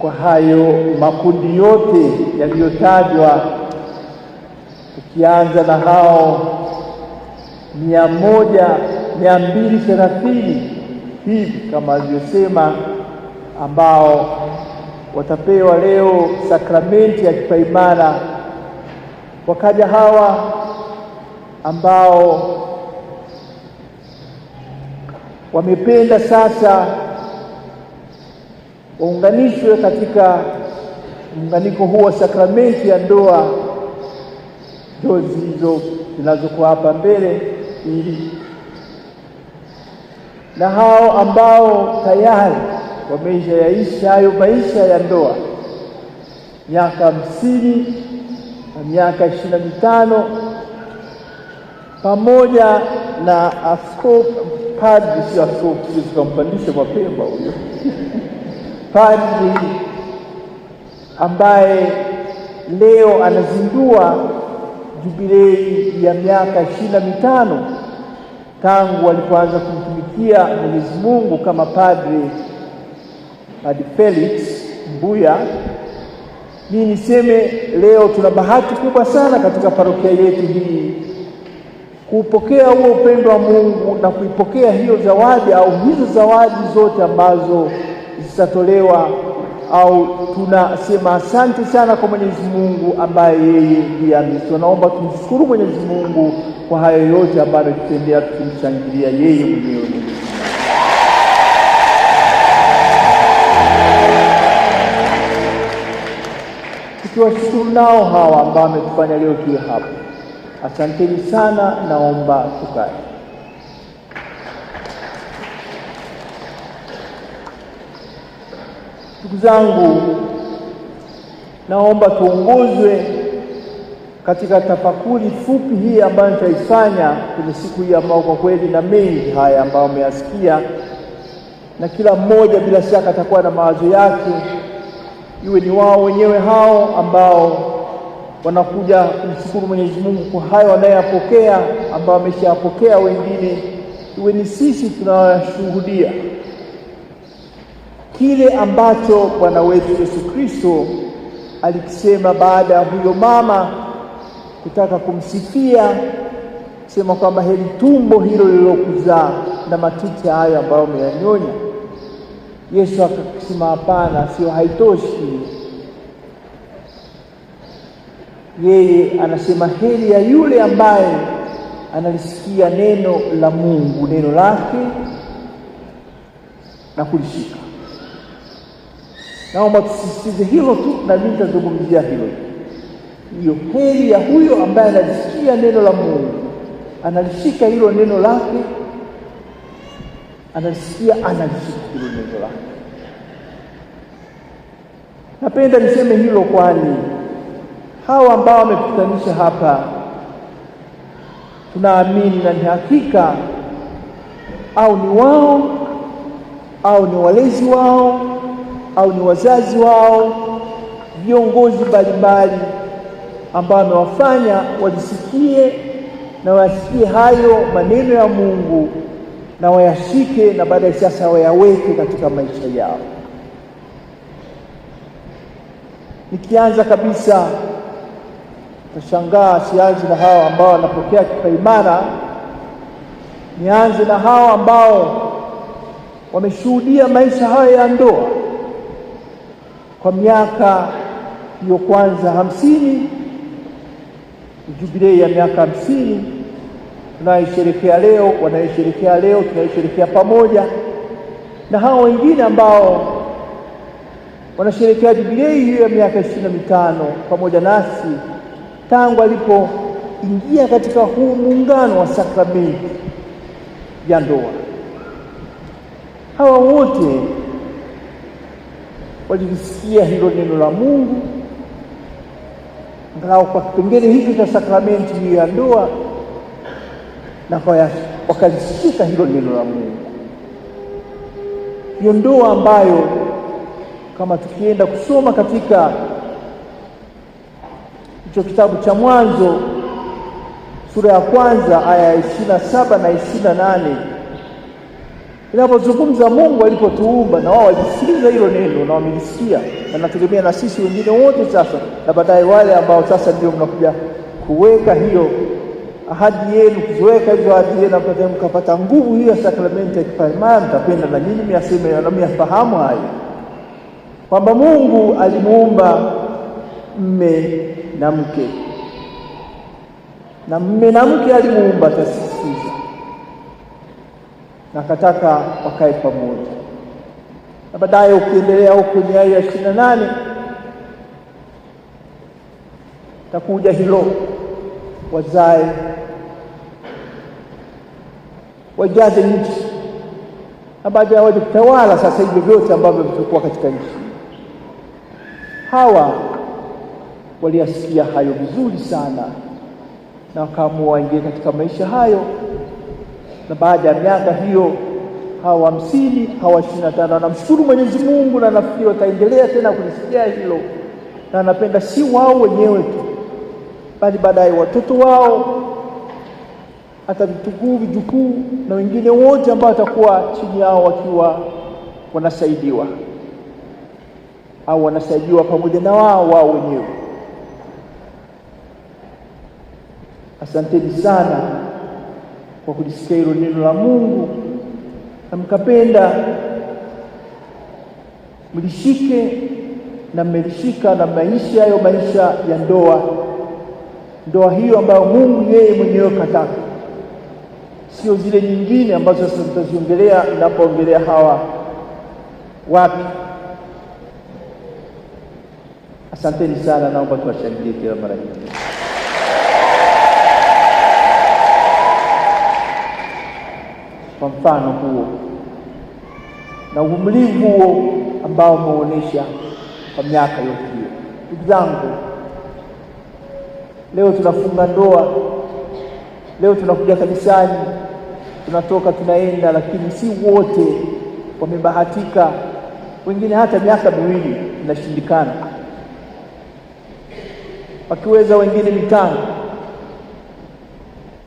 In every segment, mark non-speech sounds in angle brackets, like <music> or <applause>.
Kwa hayo makundi yote yaliyotajwa, tukianza na hao mia moja mia mbili thelathini hivi kama alivyosema, ambao watapewa leo sakramenti ya kipaimara. Wakaja hawa ambao wamependa sasa waunganishwe katika muunganiko huu wa sakramenti ya ndoa, ndoa hizo zinazokuwa hapa mbele, ili na hao ambao tayari wameisha yaisha hayo maisha ya ndoa miaka hamsini na miaka ishirini na mitano pamoja na askofu, padri, sio askofu, tukampandisha mapema huyo <laughs> padri ambaye leo anazindua jubilei ya miaka ishirini na mitano tangu alipoanza kumtumikia Mwenyezi Mungu kama padri, Padre Felix Mbuya. Mimi niseme leo tuna bahati kubwa sana katika parokia yetu hii kupokea huo upendo wa Mungu na kuipokea hiyo zawadi au hizo zawadi zote ambazo zitatolewa au tunasema asante sana kwa Mwenyezi Mungu ambaye yeye ndiye ametua. Naomba tumshukuru Mwenyezi Mungu kwa hayo yote ambayo ametutendea, tukimshangilia yeye mwenyewe. Tukiwashukuru nao hawa ambao ametufanya leo tuwe hapa, asanteni sana, naomba tukae. Ndugu zangu, naomba tuongozwe katika tafakuri fupi hii ambayo nitaifanya kwenye siku hii ambayo kwa kweli, na mengi haya ambayo ameyasikia, na kila mmoja bila shaka atakuwa na mawazo yake, iwe ni wao wenyewe hao ambao wanakuja kumshukuru Mwenyezi Mungu kwa hayo wanayopokea, ambao wameshayapokea wengine, iwe ni sisi tunayoyashuhudia kile ambacho Bwana wetu Yesu Kristo alikisema baada ya huyo mama kutaka kumsifia kusema kwamba heli tumbo hilo lililokuzaa na matiti hayo ambayo umeyanyonya. Yesu akasema hapana, sio, haitoshi. Yeye anasema heli ya yule ambaye analisikia neno la Mungu, neno lake na kulishika. Naomba tusisitize hilo tu, na mimi nitazungumzia hilo. Hiyo heri ya huyo ambaye analisikia neno la Mungu, analishika hilo neno lake, analisikia, analishika hilo neno lake. Napenda niseme hilo, kwani hawa ambao wamekutanisha hapa, tunaamini na ni hakika, au ni wao au ni walezi wao au ni wazazi wao, viongozi mbalimbali ambao wamewafanya wajisikie na wayasikie hayo maneno ya Mungu na wayashike, na baadaye sasa wayaweke katika maisha yao. Nikianza kabisa, tashangaa sianzi na hao ambao wanapokea kipaimara, nianze na hao ambao wameshuhudia maisha haya ya ndoa kwa miaka hiyo kwanza hamsini, jubilei ya miaka hamsini tunaisherekea leo, wanaisherekea leo, tunaisherekea pamoja na hao wengine ambao wanasherekea jubilei hiyo ya miaka ishirini na mitano pamoja nasi tangu alipoingia katika huu muungano wa sakramenti ya ndoa. Hawa wote walilisikia hilo neno la Mungu, angalau kwa kipengele hicho cha sakramenti hiyo ya ndoa, na wakalishika hilo neno la Mungu, hiyo ndoa ambayo kama tukienda kusoma katika hicho kitabu cha Mwanzo sura ya kwanza aya ya ishirini na saba na ishirini na nane inapozungumza Mungu alipotuumba, na wao walisikiliza hilo neno na wamelisikia, na nategemea na sisi wengine wote sasa, na baadaye wale ambao sasa ndio mnakuja kuweka hiyo ahadi yenu, kuziweka hizo ahadi yenu, mkapata nguvu hiyo ya sakramenti ya kipaimara, mtakwenda na nyinyi myaseme na myafahamu hayo kwamba Mungu alimuumba mme na mke, na mme na mke alimuumba sasa na kataka wakae pamoja, na baadaye ukiendelea huku kwenye aya ya ishirini na nane takuja hilo wazae wajaze nchi na baada ya waje kutawala sasa hivyo vyote ambavyo vitakuwa katika nchi. Hawa waliasikia hayo vizuri sana na wakaamua waingie katika maisha hayo na baada ya miaka hiyo hawa hamsini hawa ishirini na tano anamshukuru Mwenyezi Mungu, na nafikiri wataendelea tena kulisikia hilo, na anapenda si wao wenyewe tu, bali baadaye watoto wao, hata vitukuu, vijukuu na wengine wote ambao watakuwa chini yao wakiwa wanasaidiwa au wanasaidiwa pamoja na wao wao wenyewe. Asanteni sana kwa kulisikia hilo neno la Mungu na mkapenda, mlishike na mmelishika, na maisha hayo maisha ya ndoa, ndoa hiyo ambayo Mungu yeye mwenyewe kataka, sio zile nyingine ambazo sasa tutaziongelea ninapoongelea hawa watu. Asanteni sana, naomba tuwashangilie kila mara. kwa mfano huo na uvumilivu huo ambao umeonyesha kwa miaka yote hiyo. Ndugu zangu, leo tunafunga ndoa, leo tunakuja kanisani, tunatoka tunaenda, lakini si wote wamebahatika. Wengine hata miaka miwili inashindikana, wakiweza wengine mitano,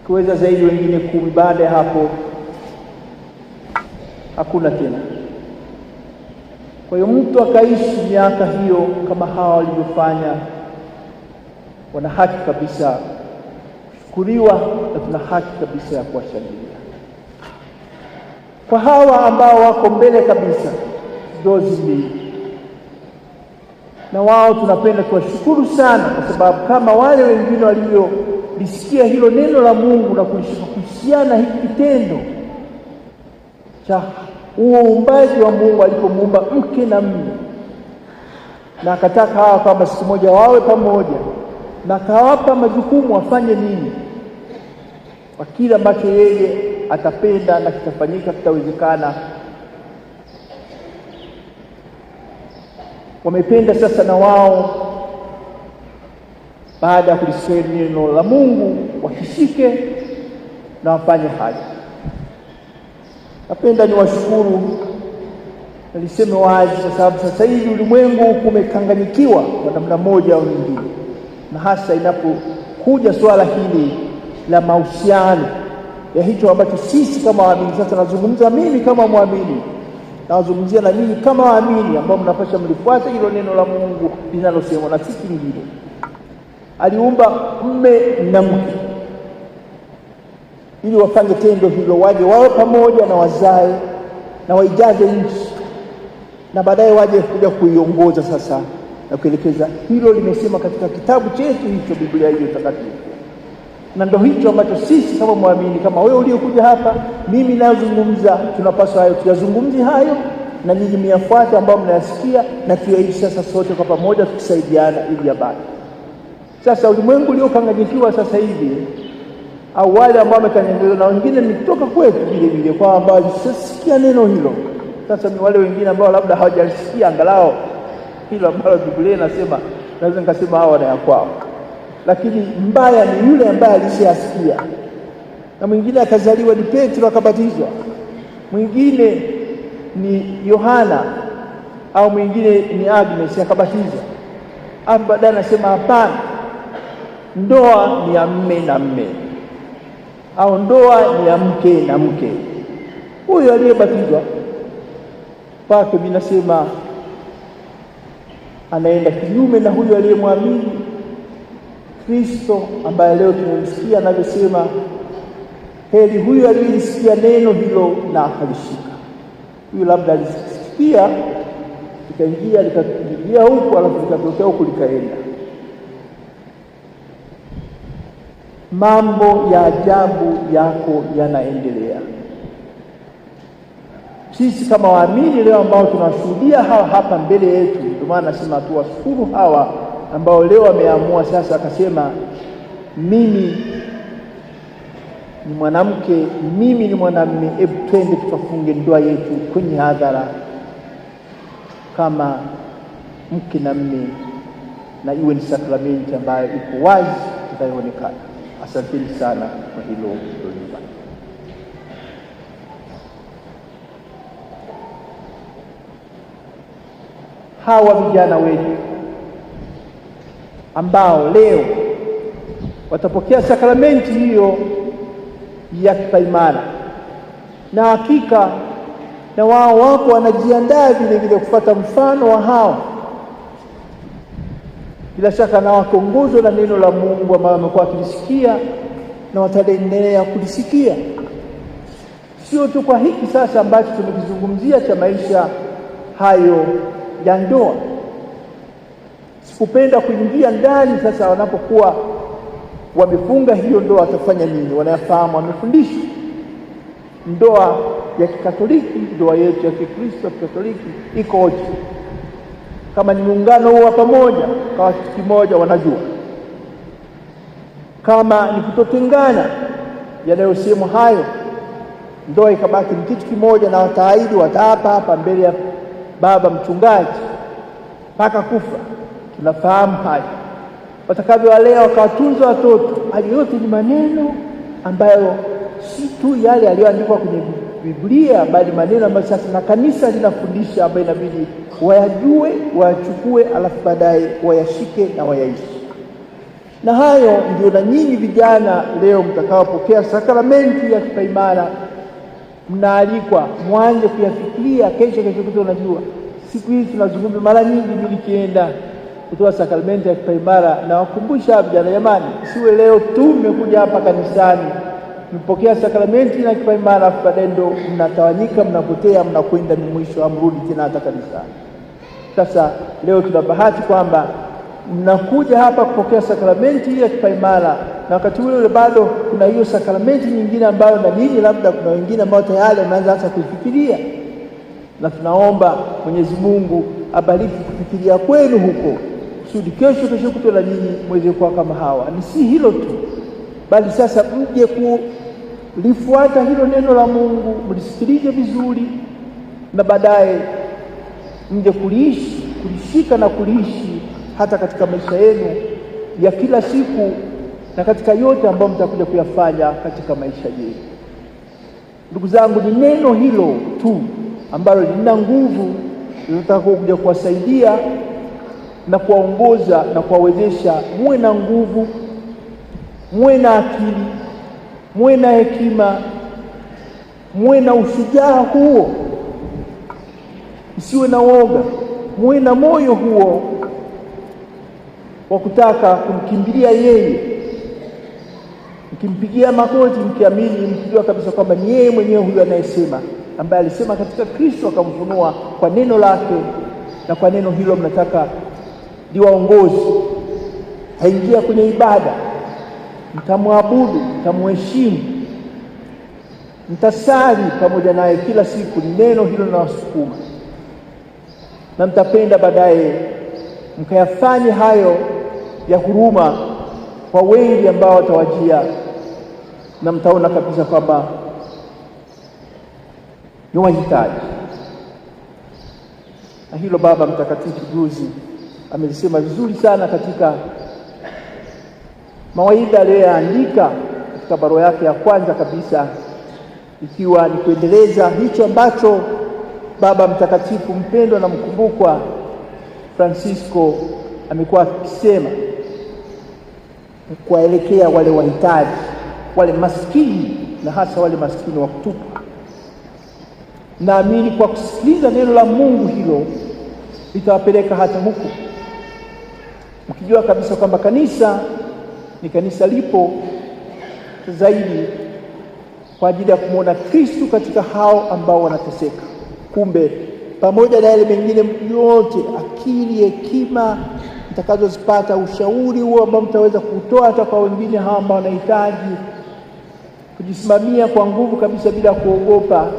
wakiweza zaidi wengine kumi. Baada ya hapo hakuna tena. Kwa hiyo mtu akaishi miaka hiyo kama hawa walivyofanya, wana haki kabisa kushukuriwa, na tuna haki kabisa ya kuwashangilia kwa hawa ambao wako mbele kabisa dozi mbili na wao tunapenda kuwashukuru sana, kwa sababu kama wale wengine walivyolisikia hilo neno la Mungu na kuhusiana hiki kitendo cha uumbaji wa Mungu alipomuumba mke na mume, na akataka hawa kwamba siku moja wawe pamoja, na akawapa majukumu wafanye nini, kwa kile ambacho yeye atapenda na kitafanyika, kitawezekana. Wamependa sasa na wao baada ya kulisoma neno la Mungu, wakishike na wafanye haja. Napenda niwashukuru na wazi, kwa sababu sasa hivi ulimwengu umekanganyikiwa kwa namna moja au nyingine, na hasa inapokuja swala hili la mahusiano ya hicho ambacho sisi kama waamini, sasa nazungumza mimi kama mwamini, nawazungumzia na ninyi kama waamini ambao mnapasha mlifuata hilo neno la Mungu linalosemwa na si kingine. Aliumba mme na mke ili wapange tendo hilo, waje wao pamoja na wazae na waijaze nchi, na baadaye waje kuja kuiongoza sasa na kuelekeza. Hilo limesema katika kitabu chetu hicho, Biblia hiyo takatifu, na ndo hicho ambacho sisi kama mwamini, kama wewe uliokuja hapa, mimi nayozungumza, tunapaswa hayo tuyazungumzi hayo, na nyinyi myafuate ambayo mnayasikia, na tuyaishi sasa sote kwa pamoja, tukisaidiana ili yabaki. Sasa ulimwengu uliokanganyikiwa sasa hivi au wale ambao wametengenezwa na wengine mitoka kwetu vile vile, kwamba sisikia neno hilo. Sasa ni wale wengine ambao labda hawajasikia angalau hilo ambalo Biblia inasema, naweza nikasema hao wana ya kwao, lakini mbaya ni yule ambaye alishasikia. Na mwingine akazaliwa ni Petro akabatizwa, mwingine ni Yohana au mwingine ni Agnes akabatizwa. Hapo baadaye anasema hapana, ndoa ni ya mme na mme au ndoa ni ya mke na mke. Huyo aliyebatizwa pake binasema anaenda kinyume na huyo aliyemwamini Kristo, ambaye leo tumemsikia anavyosema, heri huyo aliyesikia neno hilo na akalishika. Huyu labda alisikia likaingia likaingia huku alafu likatokea huku likaenda mambo ya ajabu yako yanaendelea. Sisi kama waamini leo ambao tunashuhudia hawa hapa mbele yetu, ndio maana nasema tuwashukuru hawa ambao leo wameamua sasa, akasema mimi ni mwanamke, mimi ni mwanamume, hebu twende tukafunge ndoa yetu kwenye hadhara kama mke na mme, na iwe ni sakramenti ambayo iko wazi itayoonekana. Asanteni sana kwa hilo lolipa. Hawa vijana wetu ambao leo watapokea sakramenti hiyo ya kipaimara, na hakika na wao wako wanajiandaa vile vile kupata mfano wa hawa bila shaka na nguzo na neno la Mungu ambao wamekuwa wakilisikia na wataendelea kulisikia, sio tu kwa hiki sasa ambacho tumekizungumzia cha maisha hayo ya ndoa. Sikupenda kuingia ndani sasa, wanapokuwa wamefunga hiyo ndoa watafanya nini, wanayafahamu, wamefundishwa. Ndoa ya Kikatoliki, ndoa yetu ya Kikristo Kikatoliki ikoje? kama ni muungano huo wa pamoja, kawa kitu kimoja, wanajua kama ni kutotengana. Yanayosemwa hayo, ndoa ikabaki ni kitu kimoja, na wataahidi, wataapa hapa mbele ya baba mchungaji mpaka kufa. Tunafahamu hayo, watakavyowalea wakawatunza watoto. Hayo yote ni maneno ambayo si tu yale yaliyoandikwa kwenye Biblia, bali maneno ambayo sasa na kanisa linafundisha ambayo inabidi wayajue, wayachukue, alafu baadaye wayashike na wayaishi. Na hayo ndio, na nyinyi vijana leo mtakaopokea sakramenti ya kipaimara mnaalikwa mwanze kuyafikiria kesho, kesho kuto. Unajua siku hizi tunazungumza mara nyingi, mimi kienda kutoa sakramenti ya kipaimara nawakumbusha vijana, jamani, siwe leo tu mmekuja hapa kanisani mpokea sakramenti na kipaimara, baadaye ndo mnatawanyika, mnapotea, mnakwenda, ni mwisho, hamrudi tena hata kanisani. Sasa leo tuna bahati kwamba mnakuja hapa kupokea sakramenti hii ya kipaimara, na wakati ule ule bado kuna hiyo sakramenti nyingine ambayo na nini, labda kuna wengine ambao tayari wameanza hata kuifikiria, na tunaomba Mwenyezi Mungu abariki kufikiria kwenu huko kusudi kesho kesho kutwa na nyinyi mweze kuwa kama hawa. Ni si hilo tu bali sasa mje kulifuata hilo neno la Mungu, mlisikilize vizuri, na baadaye mje kuliishi, kulishika na kuliishi hata katika maisha yenu ya kila siku na katika yote ambayo mtakuja kuyafanya katika maisha yenu. Ndugu zangu, ni neno hilo tu ambalo lina nguvu litakao kuja kuwasaidia na kuwaongoza na kuwawezesha muwe na nguvu muwe na akili, muwe na hekima, muwe na ushujaa huo, msiwe na woga, muwe na moyo huo wa kutaka kumkimbilia yeye, mkimpigia magoti, mkiamini, mkijua kabisa kwamba ni yeye mwenyewe huyo anayesema, ambaye alisema katika Kristo akamfunua kwa neno lake, na kwa neno hilo mnataka liwaongozi. Haingia kwenye ibada mtamwabudu, mtamheshimu, mtasali pamoja naye kila siku. neno hilo linawasukuma, na mtapenda baadaye mkayafanye hayo ya huruma kwa wengi ambao watawajia, na mtaona kabisa kwamba ni wahitaji. Na hilo Baba Mtakatifu juzi amelisema vizuri sana katika mawaidha aliyoyaandika katika barua yake ya kwanza kabisa, ikiwa ni kuendeleza hicho ambacho Baba Mtakatifu mpendwa na mkumbukwa Francisco amekuwa akisema kuwaelekea wale wahitaji, wale maskini na hasa wale maskini wa kutupa. Naamini kwa kusikiliza neno la Mungu hilo litawapeleka hata huko, mkijua kabisa kwamba kanisa ni kanisa lipo zaidi kwa ajili ya kumwona Kristu katika hao ambao wanateseka. Kumbe pamoja na yale mengine yote, akili, hekima mtakazozipata, ushauri huo ambao mtaweza kutoa hata kwa wengine hao ambao wanahitaji kujisimamia kwa nguvu kabisa bila kuogopa,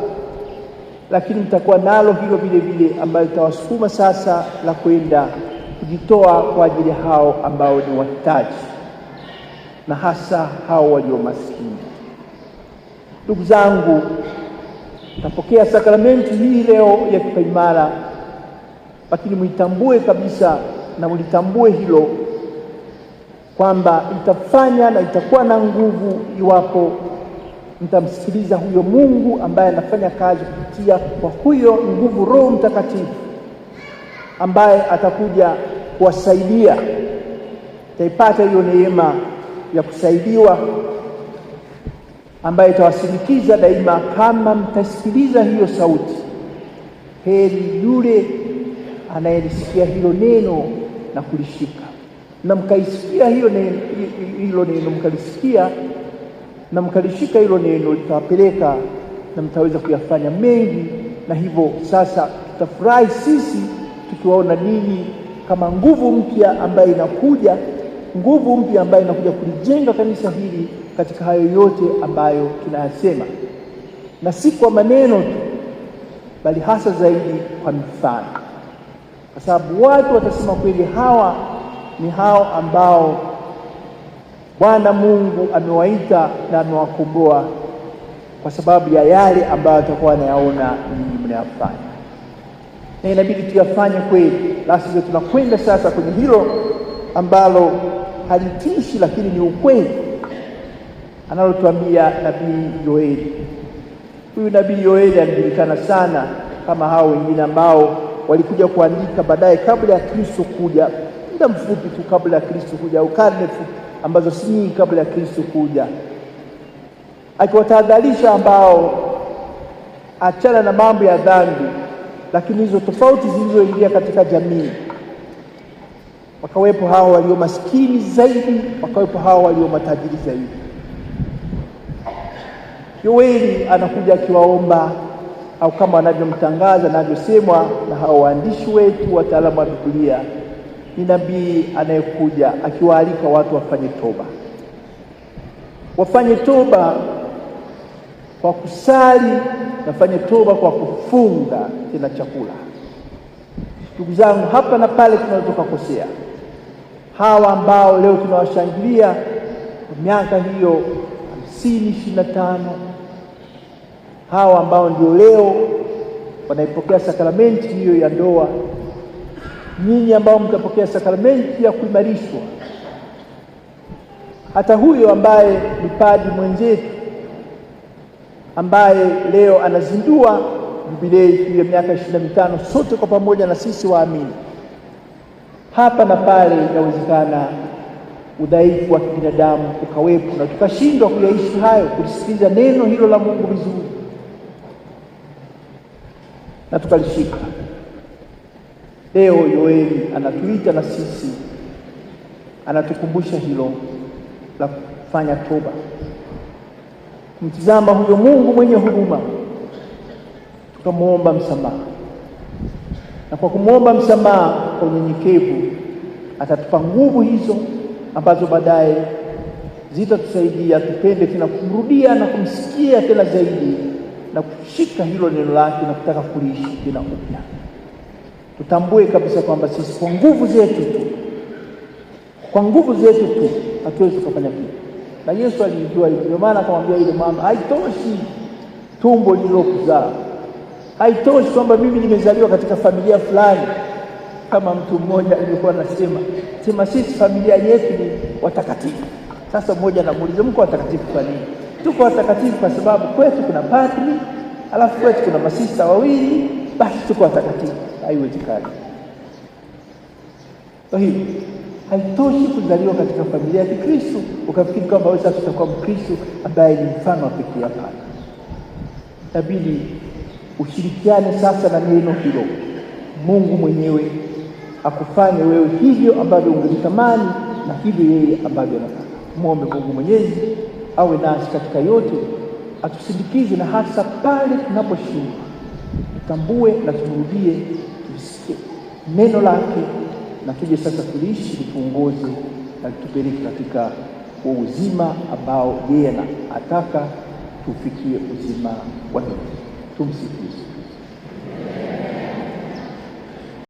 lakini mtakuwa nalo hilo vile vile ambayo litawasukuma sasa la kwenda kujitoa kwa ajili hao ambao ni wahitaji na hasa hao walio maskini. Ndugu zangu, tapokea sakramenti hii leo ya kipaimara, lakini mwitambue kabisa na mlitambue hilo kwamba itafanya na itakuwa na nguvu iwapo mtamsikiliza huyo Mungu ambaye anafanya kazi kupitia kwa huyo nguvu, Roho Mtakatifu ambaye atakuja kuwasaidia. taipata hiyo neema ya kusaidiwa ambaye itawasindikiza daima. Kama mtasikiliza hiyo sauti, heri yule anayelisikia hilo neno na kulishika, na mkaisikia hiyo neno, hilo neno mkalisikia na mkalishika hilo neno, litawapeleka na mtaweza kuyafanya mengi, na hivyo sasa tutafurahi sisi tukiwaona ninyi kama nguvu mpya ambayo inakuja nguvu mpya ambayo inakuja kulijenga kanisa hili katika hayo yote ambayo tunayasema, na si kwa maneno tu, bali hasa zaidi kwa mifano, kwa sababu watu watasema kweli, hawa ni hao ambao Bwana Mungu amewaita na amewakomboa kwa sababu ya yale ambayo atakuwa anayaona ninyi mnayafanya, na inabidi tuyafanye kweli, la tunakwenda sasa kwenye hilo ambalo halitishi, lakini ni ukweli analotuambia nabii Yoeli. Huyu nabii Yoeli alijulikana sana kama hao wengine ambao walikuja kuandika baadaye kabla ya Kristo kuja, muda mfupi tu kabla ya Kristo kuja, au karne ambazo si nyingi kabla ya Kristo kuja, akiwatahadharisha ambao achana na mambo ya dhambi, lakini hizo tofauti zilizoingia katika jamii wakawepo hawa walio maskini zaidi, wakawepo hawa walio matajiri zaidi. Yoeli anakuja akiwaomba au kama anavyomtangaza anavyosemwa na hao waandishi wetu wataalamu wa Biblia, ni nabii anayekuja akiwaalika watu wafanye toba, wafanye toba kwa kusali, wafanye toba kwa kufunga tena chakula. Ndugu zangu, hapa na pale tunaweza tukakosea hawa ambao leo tunawashangilia kwa miaka hiyo hamsini ishirini na tano hawa ambao ndio leo wanaipokea sakramenti hiyo ya ndoa, nyinyi ambao mtapokea sakramenti ya kuimarishwa, hata huyo ambaye ni padri mwenzetu ambaye leo anazindua jubilei hiyo miaka ishirini na mitano, sote kwa pamoja na sisi waamini hapa na pale, inawezekana udhaifu wa kibinadamu ukawepo na tukashindwa kuyaishi hayo, kulisikiliza neno hilo la Mungu vizuri na tukalishika. Leo Yoeli anatuita na sisi, anatukumbusha hilo la kufanya toba, kumtizama huyo Mungu mwenye huruma, tukamwomba msamaha na kwa kumwomba msamaha kwa unyenyekevu atatupa nguvu hizo ambazo baadaye zitatusaidia tupende tena kumrudia na kumsikia tena zaidi na kushika hilo neno lake na kutaka kuliishi tena upya. Tutambue kabisa kwamba sisi kwa nguvu zetu tu, kwa nguvu zetu tu hatuwezi tukafanya kitu, na Yesu alijua hivyo. Ndio maana akamwambia yule mama, haitoshi tumbo lililokuzaa Haitoshi kwamba mimi nimezaliwa katika familia fulani. Kama mtu mmoja alikuwa anasema sema, sisi familia yetu ni watakatifu. Sasa mmoja anamuuliza, mko watakatifu kwa nini? Tuko watakatifu kwa sababu kwetu kuna padri, alafu kwetu kuna masista wawili, basi tuko watakatifu. Haiwezekani. Kwa hiyo haitoshi kuzaliwa katika familia ya Kikristo ukafikiri kwamba wewe sasa utakuwa Mkristo ambaye ni mfano wa pekee. Hapana, inabidi Ushirikiane sasa na neno hilo. Mungu mwenyewe akufanye wewe hivyo ambavyo ungetamani na hivyo yeye ambavyo anataka. Mwombe Mungu Mwenyezi awe nasi katika yote, atusindikize, na hasa pale tunaposhindwa tutambue na tumrudie, tusikie neno lake na tuje sasa tuliishi, lituongoze na tupeleke katika uzima ambao yeye anataka tufikie, uzima wa milele. como se diz.